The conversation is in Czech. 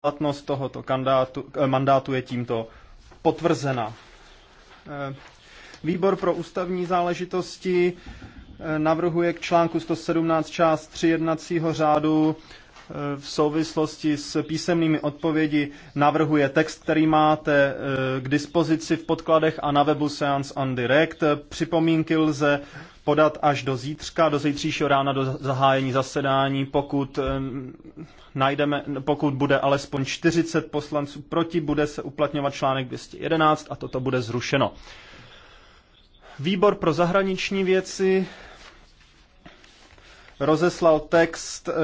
platnost tohoto kandátu, eh, mandátu je tímto potvrzena. Eh, výbor pro ústavní záležitosti eh, navrhuje k článku 117 část 3 jednacího řádu v souvislosti s písemnými odpovědi navrhuje text, který máte eh, k dispozici v podkladech a na webu Seance on Direct. Připomínky lze podat až do zítřka, do zítřejšího rána do zahájení zasedání, pokud eh, najdeme, pokud bude alespoň 40 poslanců proti, bude se uplatňovat článek 211 a toto bude zrušeno. Výbor pro zahraniční věci rozeslal text eh,